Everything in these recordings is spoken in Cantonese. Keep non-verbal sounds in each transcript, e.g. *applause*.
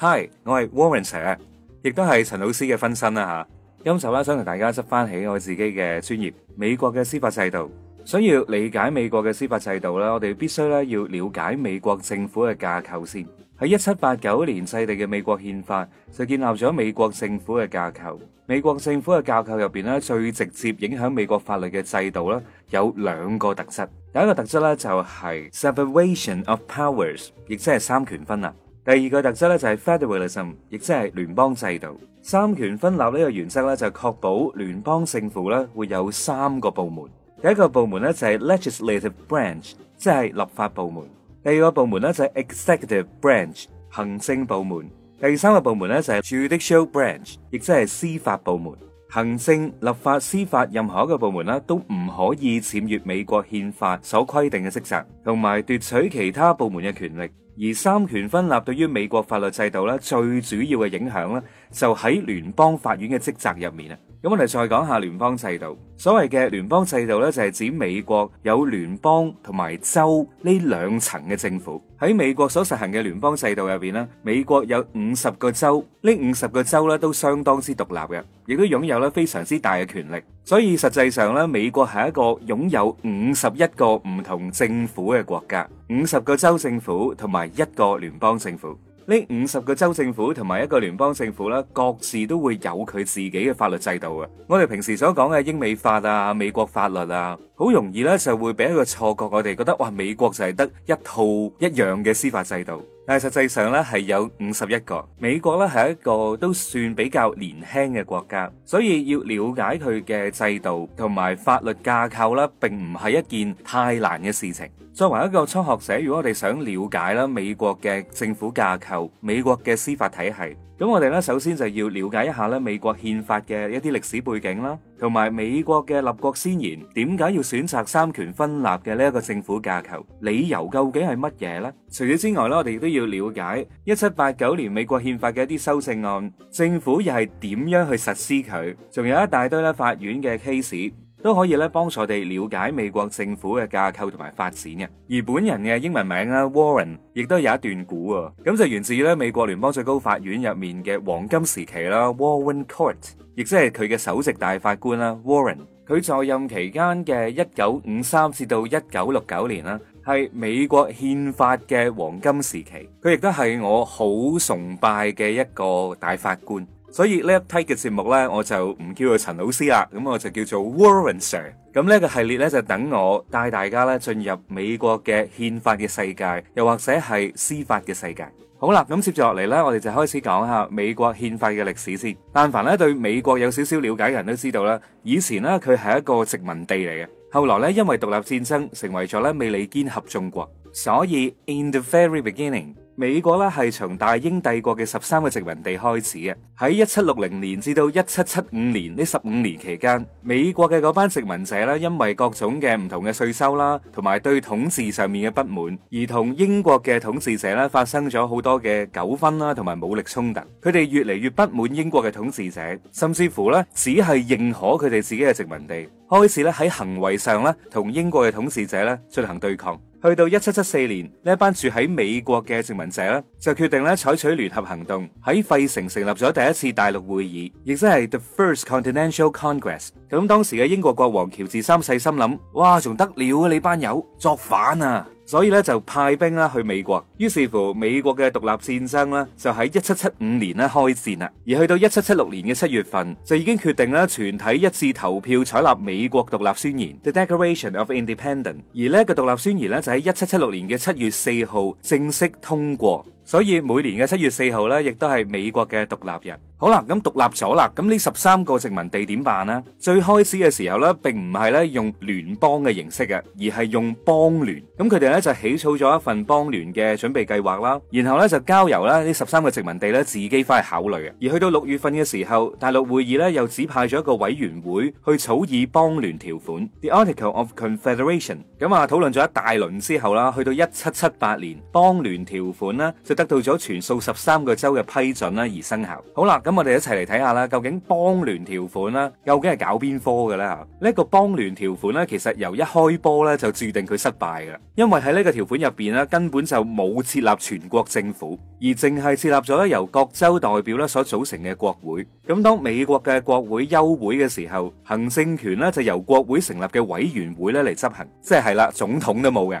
Hi，我係 Warren Sir，亦都係陳老師嘅分身啦吓。今集咧想同大家執翻起我自己嘅專業，美國嘅司法制度。想要理解美國嘅司法制度咧，我哋必須咧要了解美國政府嘅架構先。喺一七八九年制定嘅美國憲法就建立咗美國政府嘅架構。美國政府嘅架構入邊咧，最直接影響美國法律嘅制度咧，有兩個特質。第一個特質咧就係 separation of powers，亦即係三權分立。第二個特質咧就係 federalism，亦即係聯邦制度。三權分立呢個原則咧就確保聯邦政府咧會有三個部門。第一個部門咧就係 legislative branch，即係立法部門；第二個部門咧就係 executive branch，行政部門；第三個部門咧就係 judicial branch，亦即係司法部門。行政、立法、司法，任何一個部門啦，都唔可以僭越美國憲法所規定嘅職責，同埋奪取其他部門嘅權力。而三權分立對於美國法律制度咧，最主要嘅影響咧，就喺聯邦法院嘅職責入面啊。咁我哋再講下聯邦制度。所謂嘅聯邦制度呢，就係指美國有聯邦同埋州呢兩層嘅政府。喺美國所實行嘅聯邦制度入邊呢，美國有五十個州，呢五十個州呢都相當之獨立嘅，亦都擁有咧非常之大嘅權力。所以實際上呢，美國係一個擁有五十一個唔同政府嘅國家，五十個州政府同埋一個聯邦政府。呢五十個州政府同埋一個聯邦政府呢，各自都會有佢自己嘅法律制度啊。我哋平時所講嘅英美法啊、美國法律啊。好容易咧，就會俾一個錯覺，我哋覺得哇，美國就係得一套一樣嘅司法制度，但係實際上咧係有五十一個。美國咧係一個都算比較年輕嘅國家，所以要了解佢嘅制度同埋法律架構啦，並唔係一件太難嘅事情。作為一個初學者，如果我哋想了解啦美國嘅政府架構、美國嘅司法體系，咁我哋咧首先就要了解一下咧美國憲法嘅一啲歷史背景啦。同埋美國嘅立國先賢點解要選擇三權分立嘅呢一個政府架構？理由究竟係乜嘢呢？除此之外咧，我哋亦都要了解一七八九年美國憲法嘅一啲修正案，政府又係點樣去實施佢？仲有一大堆咧法院嘅 case。都可以咧幫助我哋了解美國政府嘅架構同埋發展嘅。而本人嘅英文名啊，Warren 亦都有一段古啊。咁、哦、就源自咧美國聯邦最高法院入面嘅黃金時期啦，Warren Court，亦即係佢嘅首席大法官啦，Warren。佢在任期間嘅一九五三至到一九六九年啦，係美國憲法嘅黃金時期。佢亦都係我好崇拜嘅一個大法官。所以呢一輯嘅節目呢，我就唔叫做陳老 C 啦，咁我就叫做 Warren Sir。咁呢一個系列呢，就等我帶大家呢進入美國嘅憲法嘅世界，又或者係司法嘅世界。好啦，咁接住落嚟呢，我哋就開始講下美國憲法嘅歷史先。但凡呢對美國有少少了解嘅人都知道啦，以前呢，佢係一個殖民地嚟嘅，後來呢，因為獨立戰爭成為咗呢美利堅合眾國，所以 in the very beginning。美國咧係從大英帝國嘅十三個殖民地開始嘅，喺一七六零年至到一七七五年呢十五年期間，美國嘅嗰班殖民者呢，因為各種嘅唔同嘅稅收啦，同埋對統治上面嘅不滿，而同英國嘅統治者呢，發生咗好多嘅糾紛啦，同埋武力衝突。佢哋越嚟越不滿英國嘅統治者，甚至乎呢，只係認可佢哋自己嘅殖民地，開始咧喺行為上呢，同英國嘅統治者呢，進行對抗。去到一七七四年，呢一班住喺美國嘅殖民者咧，就決定咧採取聯合行動，喺費城成立咗第一次大陸會議，亦即係 The First Continental Congress。咁當時嘅英國國王喬治三世心諗，哇，仲得了啊，你班友作反啊！所以咧就派兵啦，去美國，於是乎美國嘅獨立戰爭咧就喺一七七五年咧開戰啦，而去到一七七六年嘅七月份就已經決定啦，全體一致投票採納美國獨立宣言，The Declaration of Independence，而呢一個獨立宣言咧就喺一七七六年嘅七月四號正式通過。所以每年嘅七月四號咧，亦都係美國嘅獨立日。好啦，咁獨立咗啦，咁呢十三個殖民地點辦呢？最開始嘅時候咧，並唔係咧用聯邦嘅形式嘅，而係用邦聯。咁佢哋咧就起草咗一份邦聯嘅準備計劃啦，然後咧就交由咧呢十三個殖民地咧自己翻去考慮嘅。而去到六月份嘅時候，大陸會議咧又指派咗一個委員會去草擬邦聯條款，The Article of Confederation。咁啊，討論咗一大輪之後啦，去到一七七八年，邦聯條款咧就。得到咗全數十三個州嘅批准啦，而生效。好啦，咁我哋一齊嚟睇下啦，究竟邦聯條款啦，究竟係搞邊科嘅咧？吓，呢一個邦聯條款咧，其實由一開波咧就注定佢失敗嘅，因為喺呢個條款入邊咧，根本就冇設立全國政府，而淨係設立咗由各州代表咧所組成嘅國會。咁當美國嘅國會休會嘅時候，行政權咧就由國會成立嘅委員會咧嚟執行，即係啦，總統都冇嘅。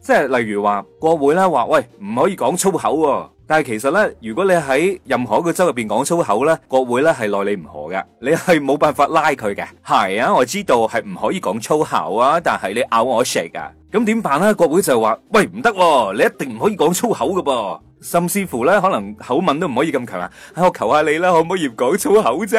即係例如話，國會咧話喂，唔可以講粗口，啊，但係其實呢,如果你喺任何一個州入邊講粗口呢，國會呢係奈你唔何嘅，你係冇辦法拉佢嘅。係 *noise* 啊，我知道係唔可以講粗口啊，但係你咬我食啊，咁點辦呢？國會就話喂，唔得，啊，你一定唔可以講粗口嘅噃，啊。甚至乎咧，可能口吻都唔可以咁強啊！我求下你啦，可唔可以唔講粗口啫？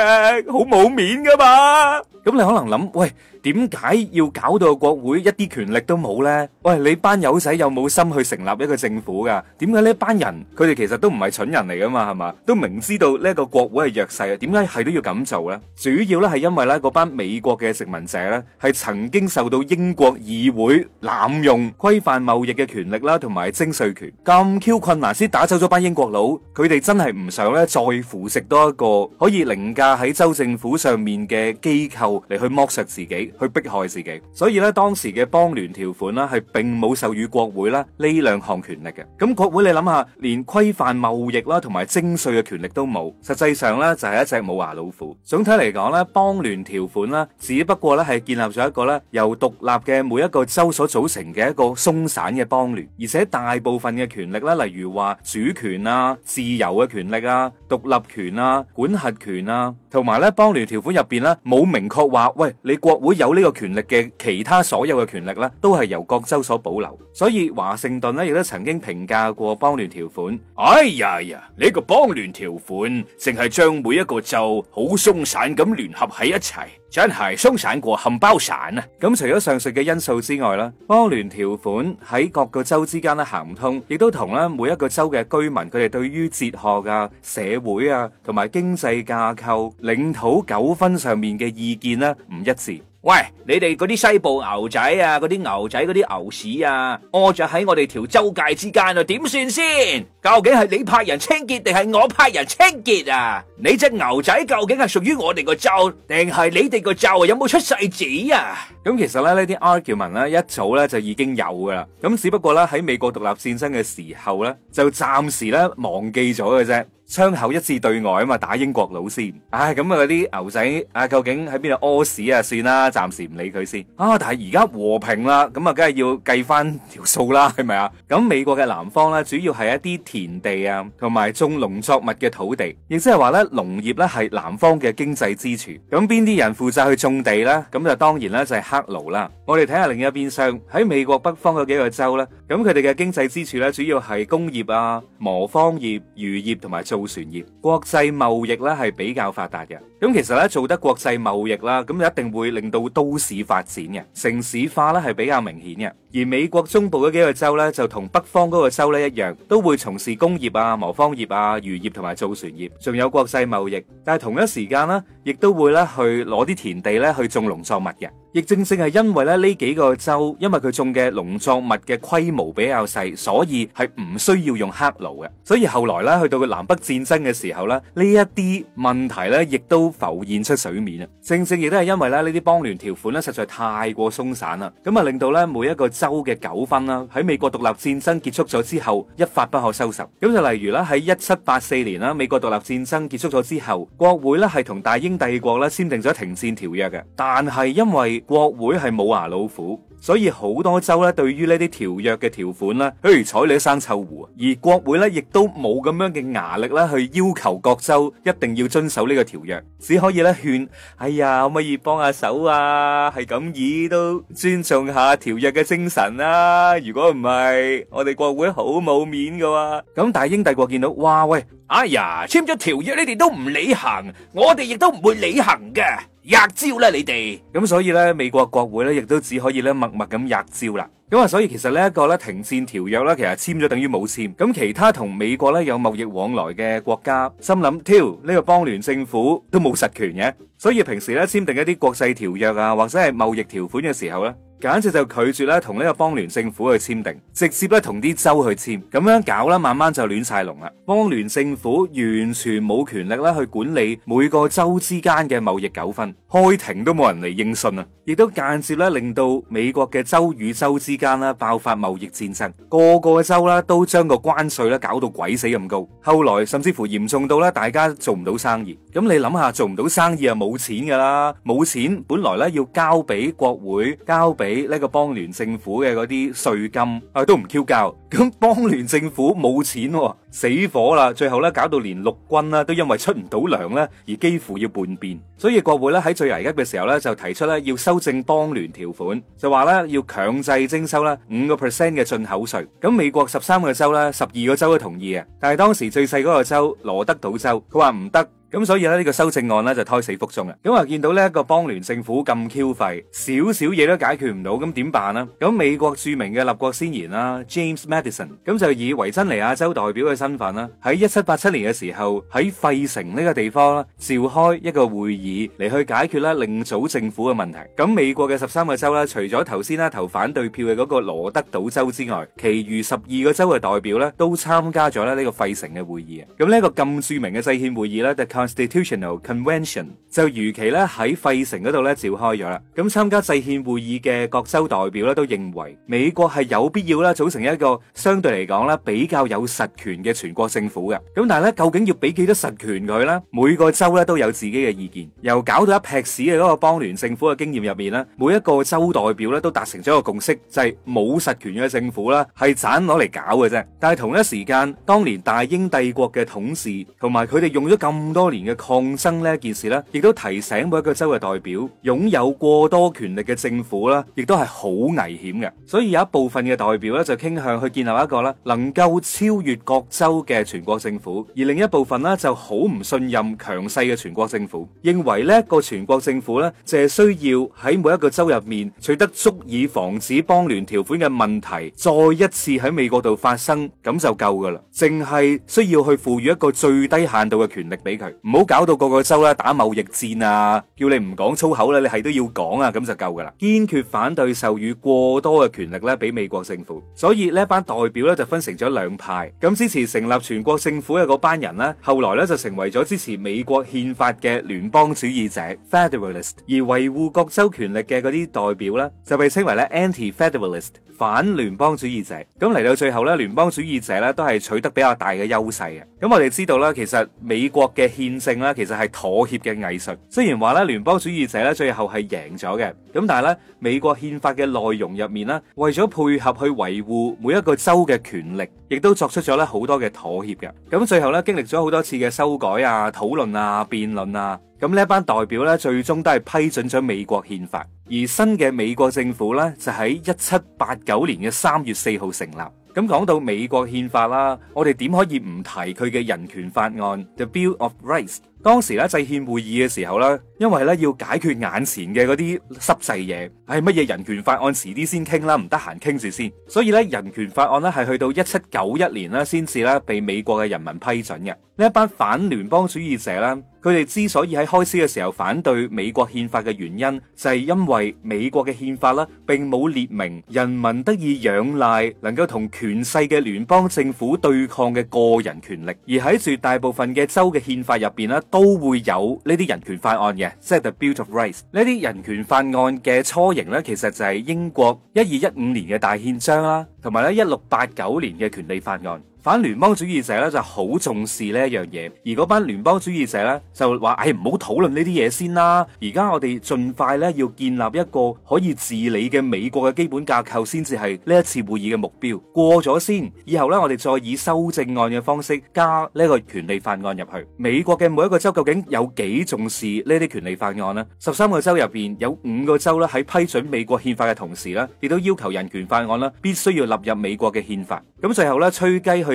好冇面噶嘛！咁你可能諗，喂，點解要搞到國會一啲權力都冇咧？喂，你班友仔有冇心去成立一個政府噶？點解呢一班人佢哋其實都唔係蠢人嚟噶嘛？係嘛？都明知道呢個國會係弱勢啊，點解係都要咁做咧？主要咧係因為咧，嗰班美國嘅殖民者咧，係曾經受到英國議會濫用規範貿易嘅權力啦，同埋徵稅權咁 Q 困難先。打走咗班英國佬，佢哋真係唔想咧再扶植多一個可以凌駕喺州政府上面嘅機構嚟去剝削自己、去迫害自己。所以咧，當時嘅邦聯條款咧係並冇授予國會咧呢兩項權力嘅。咁國會你諗下，連規範貿易啦同埋徵稅嘅權力都冇，實際上咧就係一隻冇牙老虎。總體嚟講咧，邦聯條款咧，只不過咧係建立咗一個咧由獨立嘅每一個州所組成嘅一個鬆散嘅邦聯，而且大部分嘅權力咧，例如話，主權啊、自由嘅權力啊、獨立權啊、管轄權啊，同埋咧邦聯條款入邊咧冇明確話，喂你國會有呢個權力嘅其他所有嘅權力咧，都係由各州所保留。所以華盛頓咧亦都曾經評價過邦聯條款：哎呀呀，呢個邦聯條款淨係將每一個州好鬆散咁聯合喺一齊。真係鬆散過冚包散啊！咁除咗上述嘅因素之外啦，邦聯條款喺各個州之間咧行唔通，亦都同咧每一個州嘅居民佢哋對於哲學啊、社會啊同埋經濟架構、領土糾紛上面嘅意見呢唔一致。喂，你哋嗰啲西部牛仔啊，嗰啲牛仔嗰啲牛屎啊，屙咗喺我哋條州界之間啊，點算先？究竟係你派人清潔定係我派人清潔啊？你隻牛仔究竟係屬於我哋個州定係你哋個州有有啊？有冇出世紙啊？咁其實咧，呢啲 argument 咧一早咧就已經有噶啦。咁只不過咧喺美國獨立戰爭嘅時候咧，就暫時咧忘記咗嘅啫。槍口一致對外啊嘛，打英國佬先。唉、哎，咁啊嗰啲牛仔啊，究竟喺邊度屙屎啊？算啦，暫時唔理佢先。啊，但係而家和平啦，咁啊，梗係要計翻條數啦，係咪啊？咁美國嘅南方咧，主要係一啲田地啊，同埋種農作物嘅土地，亦即係話咧，農業咧係南方嘅經濟支柱。咁邊啲人負責去種地咧？咁就當然啦，就係、是黑奴啦，我哋睇下另一邊廂喺美國北方嗰幾個州咧，咁佢哋嘅經濟支柱咧主要係工業啊、磨坊業、漁業同埋造船業，國際貿易咧係比較發達嘅。咁其實咧做得國際貿易啦，咁就一定會令到都市發展嘅，城市化咧係比較明顯嘅。而美國中部嗰幾個州咧就同北方嗰個州咧一樣，都會從事工業啊、磨坊業啊、漁業同埋造船業，仲有國際貿易。但係同一時間咧，亦都會咧去攞啲田地咧去種農作物嘅。亦正正係因為咧呢幾個州，因為佢種嘅農作物嘅規模比較細，所以係唔需要用黑奴嘅。所以後來咧，去到個南北戰爭嘅時候咧，呢一啲問題咧，亦都浮現出水面啦。正正亦都係因為咧呢啲邦聯條款咧，實在太過鬆散啦，咁啊令到咧每一個州嘅糾紛啦，喺美國獨立戰爭結束咗之後一發不可收拾。咁就例如啦，喺一七八四年啦，美國獨立戰爭結束咗之後，國會咧係同大英帝國咧簽訂咗停戰條約嘅，但係因為國會係冇牙老虎，所以好多州咧對於呢啲條約嘅條款咧，譬如采你啲生臭狐，而國會咧亦都冇咁樣嘅牙力咧去要求各州一定要遵守呢個條約，只可以咧勸，哎呀，可唔可以幫下手啊？係咁咦，都尊重下條約嘅精神啦。如果唔係，我哋國會好冇面噶喎。咁大英帝國見到，哇喂，哎呀，簽咗條約你哋都唔履行，我哋亦都唔會履行嘅。吔蕉啦，你哋！咁所以咧，美國國會咧亦都只可以咧默默咁吔蕉啦。咁啊，所以其實呢一個咧停戰條約咧，其實簽咗等於冇簽。咁其他同美國咧有貿易往來嘅國家，心諗：挑呢個邦聯政府都冇實權嘅。所以平時咧簽訂一啲國際條約啊，或者係貿易條款嘅時候咧，簡直就拒絕咧同呢個邦聯政府去簽訂，直接咧同啲州去簽。咁樣搞啦，慢慢就亂晒龍啦。邦聯政府完全冇權力咧去管理每個州之間嘅貿易糾紛，開庭都冇人嚟應訊啊，亦都間接咧令到美國嘅州與州之。之間啦，爆發貿易戰爭，個個州啦都將個關稅咧搞到鬼死咁高，後來甚至乎嚴重到咧大家做唔到生意，咁你諗下做唔到生意啊，冇錢噶啦，冇錢本來咧要交俾國會交俾呢個邦聯政府嘅嗰啲稅金啊都唔 Q 交，咁邦聯政府冇錢，哦。死火啦！最後咧搞到連陸軍啦都因為出唔到糧咧，而幾乎要叛變。所以國會咧喺最危急嘅時候咧，就提出咧要修正邦聯條款，就話咧要強制徵收咧五個 percent 嘅進口稅。咁美國十三個州咧，十二個州都同意啊，但係當時最細嗰個州羅德島州，佢話唔得。咁所以咧呢個修正案咧就胎死腹中啦。咁啊見到呢一個邦聯政府咁 Q 廢，少少嘢都解決唔到，咁點辦啊？咁美國著名嘅立國先賢啦，James Madison，咁就以維珍尼亞州代表嘅身份啦，喺一七八七年嘅時候喺費城呢個地方啦，召開一個會議嚟去解決咧另組政府嘅問題。咁美國嘅十三個州啦，除咗頭先啦投反對票嘅嗰個羅德島州之外，其餘十二個州嘅代表咧都參加咗咧呢個費城嘅會議啊。咁呢個咁著名嘅制憲會議咧，The constitutional convention 就如期咧喺費城嗰度咧召開咗啦。咁參加制憲會議嘅各州代表咧都認為美國係有必要咧組成一個相對嚟講咧比較有實權嘅全國政府嘅。咁但係咧，究竟要俾幾多實權佢咧？每個州咧都有自己嘅意見。由搞到一劈屎嘅嗰個邦聯政府嘅經驗入面咧，每一個州代表咧都達成咗一個共識，就係冇實權嘅政府啦係盞攞嚟搞嘅啫。但係同一時間，當年大英帝國嘅統治同埋佢哋用咗咁多。多年嘅抗爭呢一件事咧，亦都提醒每一個州嘅代表擁有過多權力嘅政府啦，亦都係好危險嘅。所以有一部分嘅代表咧就傾向去建立一個啦，能夠超越各州嘅全國政府；而另一部分啦就好唔信任強勢嘅全國政府，認為呢一個全國政府咧就係需要喺每一個州入面取得足以防止邦聯條款嘅問題再一次喺美國度發生，咁就夠噶啦。淨係需要去賦予一個最低限度嘅權力俾佢。唔好搞到個個州咧打貿易戰啊！叫你唔講粗口咧，你係都要講啊，咁就夠噶啦！堅決反對授予過多嘅權力咧，俾美國政府。所以呢一班代表咧就分成咗兩派。咁支持成立全國政府嘅嗰班人咧，後來咧就成為咗支持美國憲法嘅聯邦主義者 （Federalist），而維護各州權力嘅嗰啲代表咧，就被稱為咧 Anti-Federalist，反聯邦主義者。咁嚟到最後咧，聯邦主義者咧都係取得比較大嘅優勢嘅。咁我哋知道啦，其實美國嘅憲憲政啦，其實係妥協嘅藝術。雖然話咧聯邦主義者咧最後係贏咗嘅，咁但係咧美國憲法嘅內容入面咧，為咗配合去維護每一個州嘅權力，亦都作出咗咧好多嘅妥協嘅。咁最後咧經歷咗好多次嘅修改啊、討論啊、辯論啊，咁呢一班代表咧最終都係批准咗美國憲法，而新嘅美國政府咧就喺一七八九年嘅三月四號成立。咁講到美國憲法啦，我哋點可以唔提佢嘅人權法案 The Bill of Rights？當時咧制憲會議嘅時候咧，因為咧要解決眼前嘅嗰啲濕滯嘢，係乜嘢人權法案遲啲先傾啦，唔得閒傾住先。所以咧人權法案咧係去到一七九一年咧先至咧被美國嘅人民批准嘅。呢一班反聯邦主義者咧，佢哋之所以喺開始嘅時候反對美國憲法嘅原因，就係、是、因為美國嘅憲法咧並冇列明人民得以仰賴能夠同權勢嘅聯邦政府對抗嘅個人權力，而喺絕大部分嘅州嘅憲法入邊咧。都會有呢啲人權法案嘅，即係 The Bill of Rights。呢啲人權法案嘅雛形呢，其實就係英國一二一五年嘅大憲章啦，同埋咧一六八九年嘅權利法案。反聯邦主義者咧就好重視呢一樣嘢，而嗰班聯邦主義者咧就話：唉、哎，唔好討論呢啲嘢先啦，而家我哋盡快咧要建立一個可以治理嘅美國嘅基本架構先至係呢一次會議嘅目標。過咗先，以後咧我哋再以修正案嘅方式加呢個權利法案入去。美國嘅每一個州究竟有幾重視呢啲權利法案呢？十三個州入邊有五個州咧喺批准美國憲法嘅同時咧，亦都要求人權法案啦必須要納入美國嘅憲法。咁最後咧吹雞去。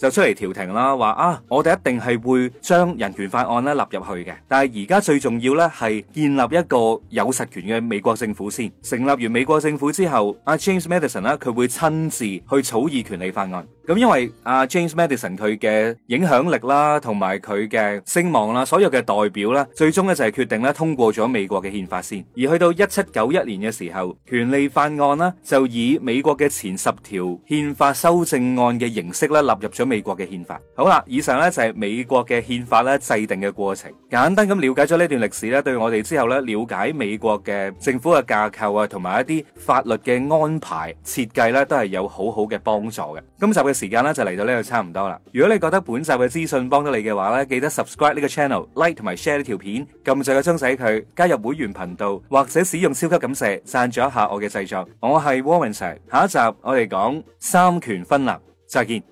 就出嚟調停啦，話啊，我哋一定係會將人權法案咧納入去嘅。但係而家最重要呢，係建立一個有實權嘅美國政府先。成立完美國政府之後，阿、啊、James Madison 咧佢會親自去草擬權利法案。咁、嗯、因為阿、啊、James Madison 佢嘅影響力啦，同埋佢嘅聲望啦，所有嘅代表啦，最終呢就係、是、決定咧通過咗美國嘅憲法先。而去到一七九一年嘅時候，權利法案呢，就以美國嘅前十條憲法修正案嘅形式咧納入咗。美國嘅憲法好啦，以上咧就係、是、美國嘅憲法咧制定嘅過程。簡單咁了解咗呢段歷史咧，對我哋之後咧了解美國嘅政府嘅架構啊，同埋一啲法律嘅安排設計咧，都係有好好嘅幫助嘅。今集嘅時間咧就嚟到呢度差唔多啦。如果你覺得本集嘅資訊幫到你嘅話咧，記得 subscribe 呢個 channel，like 同埋 share 呢條片，撳掣嘅鐘仔佢加入會員頻道，或者使用超級感謝贊助一下我嘅製作。我係 Warren Sir，下一集我哋講三權分立，再見。